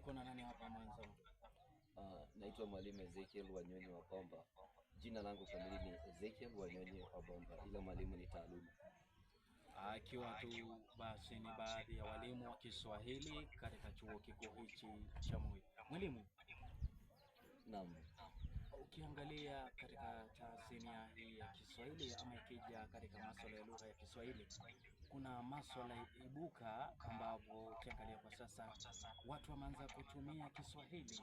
niko na nani hapa mwanzo? Uh, naitwa Mwalimu Ezekiel Wanyonyi bomba Jina langu kamili ni Ezekiel Wanyonyi Wabomba, ila mwalimu ni taaluma akiwa tu basi ni baadhi ya walimu wa Kiswahili katika chuo kikuu hichi cha Moi. Mwalimu, naam, ukiangalia katika tasnia hii ya Kiswahili ama ikija katika masuala ya lugha ya Kiswahili, kuna maswala ibuka ambapo ukiangalia kwa sasa watu wameanza kutumia Kiswahili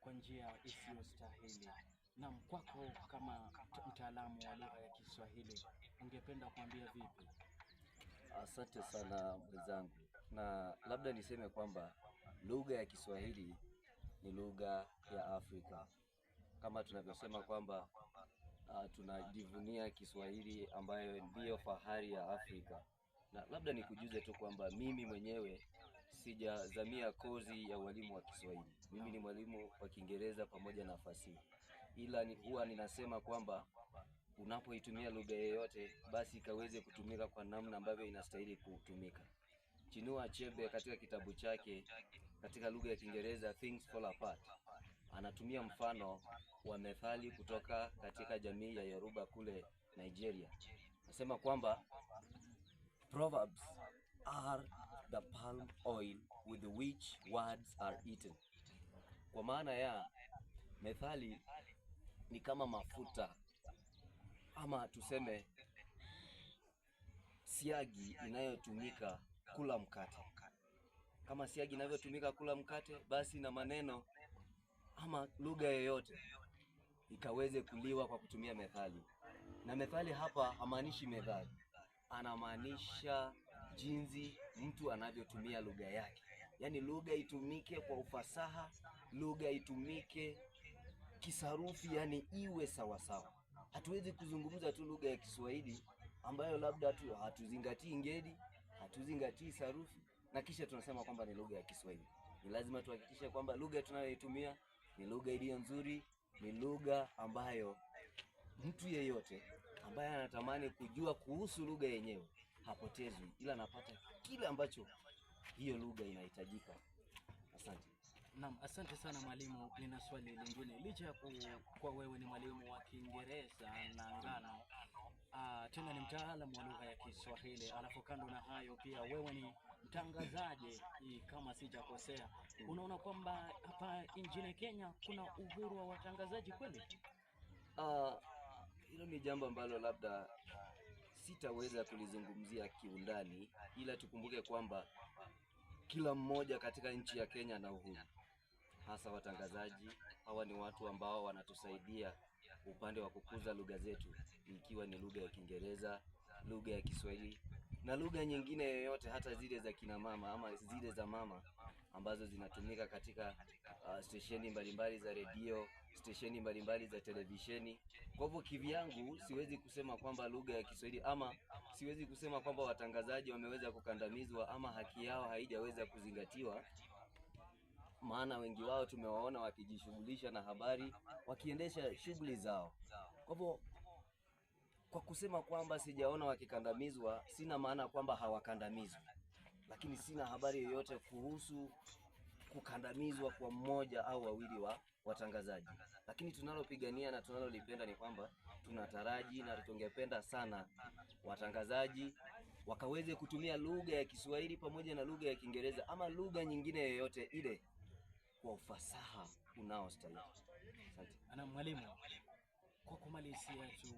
kwa njia isiyostahili. Naam, kwako kama mtaalamu wa lugha ya Kiswahili ungependa kuambia vipi? Asante sana mwenzangu, na labda niseme kwamba lugha ya Kiswahili ni lugha ya Afrika kama tunavyosema kwamba uh, tunajivunia Kiswahili ambayo ndiyo fahari ya Afrika na labda nikujuze tu kwamba mimi mwenyewe sijazamia kozi ya ualimu wa Kiswahili. Mimi ni mwalimu wa Kiingereza pamoja na fasihi, ila huwa ninasema kwamba unapoitumia lugha yoyote basi ikaweze kutumika kwa namna ambavyo inastahili kutumika. Chinua Achebe katika kitabu chake katika lugha ya Kiingereza Things Fall Apart anatumia mfano wa methali kutoka katika jamii ya Yoruba kule Nigeria, nasema kwamba Proverbs are the palm oil with which words are eaten. Kwa maana ya methali ni kama mafuta ama tuseme siagi inayotumika kula mkate. Kama siagi inavyotumika kula mkate, basi na maneno ama lugha yoyote ikaweze kuliwa kwa kutumia methali. Na methali hapa hamaanishi methali anamaanisha jinsi mtu anavyotumia lugha yake, yaani lugha itumike kwa ufasaha, lugha itumike kisarufi, yaani iwe sawasawa. Hatuwezi kuzungumza tu lugha ya Kiswahili ambayo labda tu hatuzingatii ngeli, hatuzingatii sarufi na kisha tunasema kwamba ni lugha ya Kiswahili. Ni lazima tuhakikishe kwamba lugha tunayoitumia ni lugha iliyo nzuri, ni lugha ambayo mtu yeyote ambaye anatamani kujua kuhusu lugha yenyewe hapotezwi, ila anapata kile ambacho hiyo lugha inahitajika. Asante. Naam, asante sana mwalimu. Nina swali lingine, licha ya kuwa wewe ni mwalimu wa Kiingereza na ngano, ah, tena ni mtaalamu wa lugha ya Kiswahili, alafu kando na hayo pia wewe ni mtangazaji kama sijakosea. Unaona kwamba hapa nchini Kenya kuna uhuru wa watangazaji kweli? ni jambo ambalo labda uh, sitaweza kulizungumzia kiundani, ila tukumbuke kwamba kila mmoja katika nchi ya Kenya ana uhuru, hasa watangazaji. Hawa ni watu ambao wanatusaidia upande wa kukuza lugha zetu, ikiwa ni lugha ya Kiingereza, lugha ya Kiswahili na lugha nyingine yoyote hata zile za kina mama ama zile za mama ambazo zinatumika katika uh, stesheni mbalimbali za redio, stesheni mbalimbali za televisheni. Kwa hivyo kivyangu, siwezi kusema kwamba lugha ya Kiswahili ama siwezi kusema kwamba watangazaji wameweza kukandamizwa ama haki yao haijaweza kuzingatiwa, maana wengi wao tumewaona wakijishughulisha na habari, wakiendesha shughuli zao. Kwa hivyo kwa kusema kwamba sijaona wakikandamizwa, sina maana kwamba hawakandamizwi, lakini sina habari yoyote kuhusu kukandamizwa kwa mmoja au wawili wa watangazaji. Lakini tunalopigania na tunalolipenda ni kwamba tunataraji na tungependa sana watangazaji wakaweze kutumia lugha ya Kiswahili pamoja na lugha ya Kiingereza ama lugha nyingine yoyote ile kwa ufasaha unaostahili. Asante. Ana mwalimu, kwa kumalizia tu,